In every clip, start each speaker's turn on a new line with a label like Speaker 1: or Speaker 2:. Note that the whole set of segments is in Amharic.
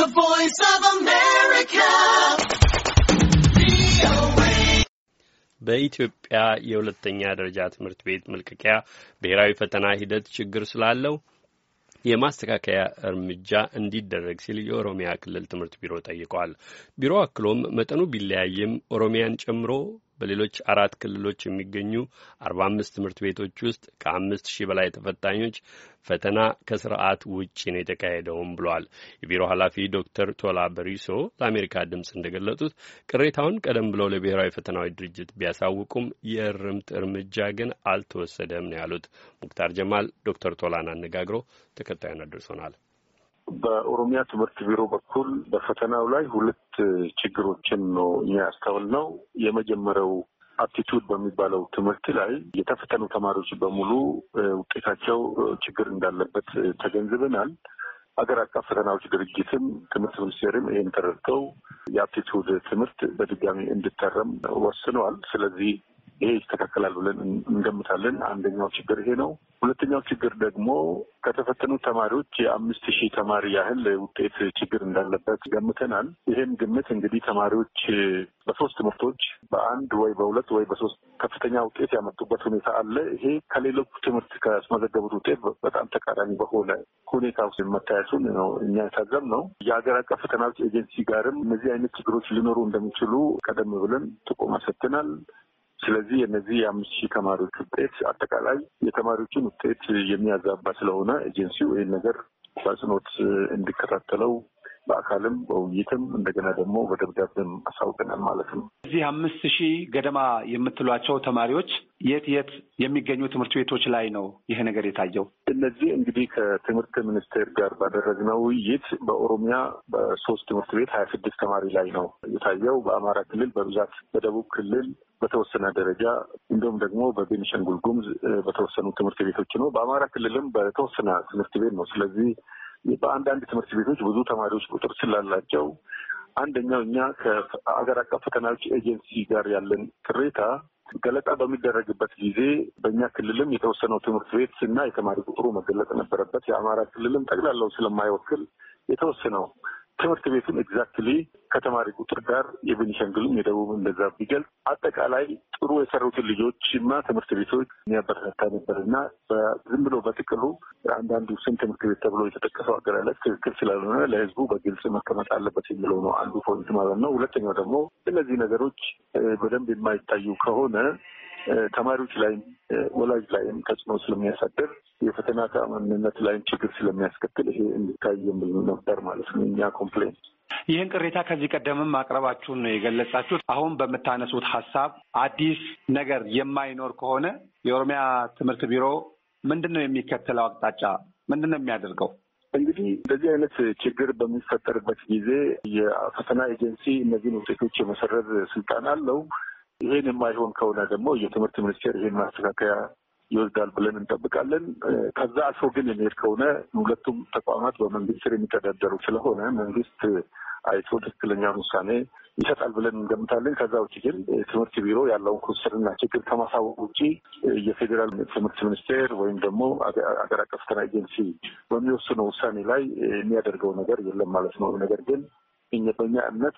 Speaker 1: The Voice of America.
Speaker 2: በኢትዮጵያ የሁለተኛ ደረጃ ትምህርት ቤት መልቀቂያ ብሔራዊ ፈተና ሂደት ችግር ስላለው የማስተካከያ እርምጃ እንዲደረግ ሲል የኦሮሚያ ክልል ትምህርት ቢሮ ጠይቋል። ቢሮ አክሎም መጠኑ ቢለያይም ኦሮሚያን ጨምሮ በሌሎች አራት ክልሎች የሚገኙ አርባ አምስት ትምህርት ቤቶች ውስጥ ከአምስት ሺህ በላይ ተፈታኞች ፈተና ከስርዓት ውጪ ነው የተካሄደውም ብሏል። የቢሮ ኃላፊ ዶክተር ቶላ በሪሶ ለአሜሪካ ድምፅ እንደገለጡት ቅሬታውን ቀደም ብለው ለብሔራዊ ፈተናዎች ድርጅት ቢያሳውቁም የእርምት እርምጃ ግን አልተወሰደም ነው ያሉት። ሙክታር ጀማል ዶክተር ቶላን አነጋግሮ ተከታዩን አድርሶናል።
Speaker 1: በኦሮሚያ ትምህርት ቢሮ በኩል በፈተናው ላይ ሁለት ችግሮችን ነው እኛ ያስተዋልነው። የመጀመሪያው አፕቲቱድ በሚባለው ትምህርት ላይ የተፈተኑ ተማሪዎች በሙሉ ውጤታቸው ችግር እንዳለበት ተገንዝበናል። ሀገር አቀፍ ፈተናዎች ድርጅትም ትምህርት ሚኒስቴርም ይህን ተረድተው የአፕቲቱድ ትምህርት በድጋሚ እንድታረም ወስነዋል። ስለዚህ ይሄ ይስተካከላል ብለን እንገምታለን። አንደኛው ችግር ይሄ ነው። ሁለተኛው ችግር ደግሞ ከተፈተኑት ተማሪዎች የአምስት ሺህ ተማሪ ያህል ውጤት ችግር እንዳለበት ገምተናል። ይህም ግምት እንግዲህ ተማሪዎች በሶስት ትምህርቶች በአንድ ወይ በሁለት ወይ በሶስት ከፍተኛ ውጤት ያመጡበት ሁኔታ አለ። ይሄ ከሌሎቹ ትምህርት ካስመዘገቡት ውጤት በጣም ተቃራኒ በሆነ ሁኔታ ውስጥ መታየቱን ነው እኛ ነው። የሀገር አቀፍ ፈተናዎች ኤጀንሲ ጋርም እነዚህ አይነት ችግሮች ሊኖሩ እንደሚችሉ ቀደም ብለን ጥቆማ ሰጥተናል። ስለዚህ የነዚህ የአምስት ሺህ ተማሪዎች ውጤት አጠቃላይ የተማሪዎችን ውጤት የሚያዛባ ስለሆነ ኤጀንሲው ይህን ነገር በአጽንኦት እንዲከታተለው በአካልም በውይይትም እንደገና ደግሞ በደብዳቤም አሳውቀናል ማለት ነው።
Speaker 3: እዚህ አምስት ሺህ ገደማ የምትሏቸው ተማሪዎች የት የት የሚገኙ ትምህርት ቤቶች ላይ ነው ይሄ ነገር የታየው?
Speaker 1: እነዚህ እንግዲህ ከትምህርት ሚኒስቴር ጋር ባደረግነው ውይይት በኦሮሚያ በሶስት ትምህርት ቤት ሀያ ስድስት ተማሪ ላይ ነው የታየው። በአማራ ክልል በብዛት በደቡብ ክልል በተወሰነ ደረጃ እንዲሁም ደግሞ በቤኒሻንጉል ጉሙዝ በተወሰኑ ትምህርት ቤቶች ነው። በአማራ ክልልም በተወሰነ ትምህርት ቤት ነው። ስለዚህ በአንዳንድ ትምህርት ቤቶች ብዙ ተማሪዎች ቁጥር ስላላቸው አንደኛው እኛ ከአገር አቀፍ ፈተናዎች ኤጀንሲ ጋር ያለን ቅሬታ ገለጣ በሚደረግበት ጊዜ በእኛ ክልልም የተወሰነው ትምህርት ቤት እና የተማሪ ቁጥሩ መገለጽ ነበረበት። የአማራ ክልልም ጠቅላላው ስለማይወክል የተወሰነው ትምህርት ቤቱን ኤግዛክትሊ ከተማሪ ቁጥር ጋር የቤኒሻንግሉም የደቡብ እንደዛ ቢገልጽ አጠቃላይ ጥሩ የሰሩትን ልጆች እና ትምህርት ቤቶች የሚያበረታታ ነበር እና ዝም ብሎ በጥቅሉ አንዳንዱ ስም ትምህርት ቤት ተብሎ የተጠቀሰው አገላለጽ ትክክል ስላልሆነ ለህዝቡ በግልጽ መቀመጥ አለበት የሚለው ነው አንዱ ፖይንት ማለት ነው። ሁለተኛው ደግሞ እነዚህ ነገሮች በደንብ የማይታዩ ከሆነ ተማሪዎች ላይም ወላጅ ላይም ተጽዕኖ ስለሚያሳደር የፈተና ተአማኒነት ላይም ችግር ስለሚያስከትል ይሄ እንዲታይ የምል ነበር ማለት ነው እኛ ኮምፕሌን።
Speaker 3: ይህን ቅሬታ ከዚህ ቀደምም ማቅረባችሁን ነው የገለጻችሁት። አሁን በምታነሱት ሀሳብ አዲስ ነገር የማይኖር ከሆነ የኦሮሚያ ትምህርት ቢሮ ምንድን ነው የሚከተለው አቅጣጫ? ምንድን ነው የሚያደርገው? እንግዲህ እንደዚህ አይነት
Speaker 1: ችግር በሚፈጠርበት ጊዜ የፈተና ኤጀንሲ እነዚህን ውጤቶች የመሰረዝ ስልጣን አለው። ይሄን የማይሆን ከሆነ ደግሞ የትምህርት ሚኒስቴር ይህን ማስተካከያ ይወስዳል ብለን እንጠብቃለን። ከዛ አልፎ ግን የሚሄድ ከሆነ ሁለቱም ተቋማት በመንግስት ስር የሚተዳደሩ ስለሆነ መንግስት አይቶ ትክክለኛውን ውሳኔ ይሰጣል ብለን እንገምታለን። ከዛ ውጭ ግን ትምህርት ቢሮ ያለውን ክስርና ችግር ከማሳወቅ ውጭ የፌዴራል ትምህርት ሚኒስቴር ወይም ደግሞ አገር አቀፍ ፈተና ኤጀንሲ በሚወስነው ውሳኔ ላይ የሚያደርገው ነገር የለም ማለት ነው። ነገር ግን በእኛ እምነት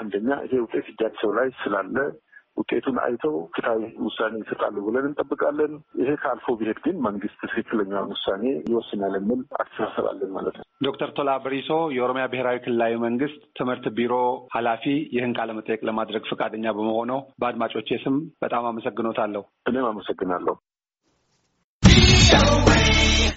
Speaker 1: አንደኛ ይሄ ውጤት እጃቸው ላይ ስላለ ውጤቱን አይተው ፍትሐዊ ውሳኔ ይሰጣሉ ብለን እንጠብቃለን። ይሄ ካልፎ ብሄድ ግን መንግስት ትክክለኛውን ውሳኔ ይወስናል የሚል አስተሳሰብ አለን ማለት ነው።
Speaker 3: ዶክተር ቶላ ብሪሶ የኦሮሚያ ብሔራዊ ክልላዊ መንግስት ትምህርት ቢሮ ኃላፊ ይህን ቃለመጠየቅ ለማድረግ ፈቃደኛ በመሆነው በአድማጮቼ ስም በጣም አመሰግኖታለሁ። እኔም አመሰግናለሁ።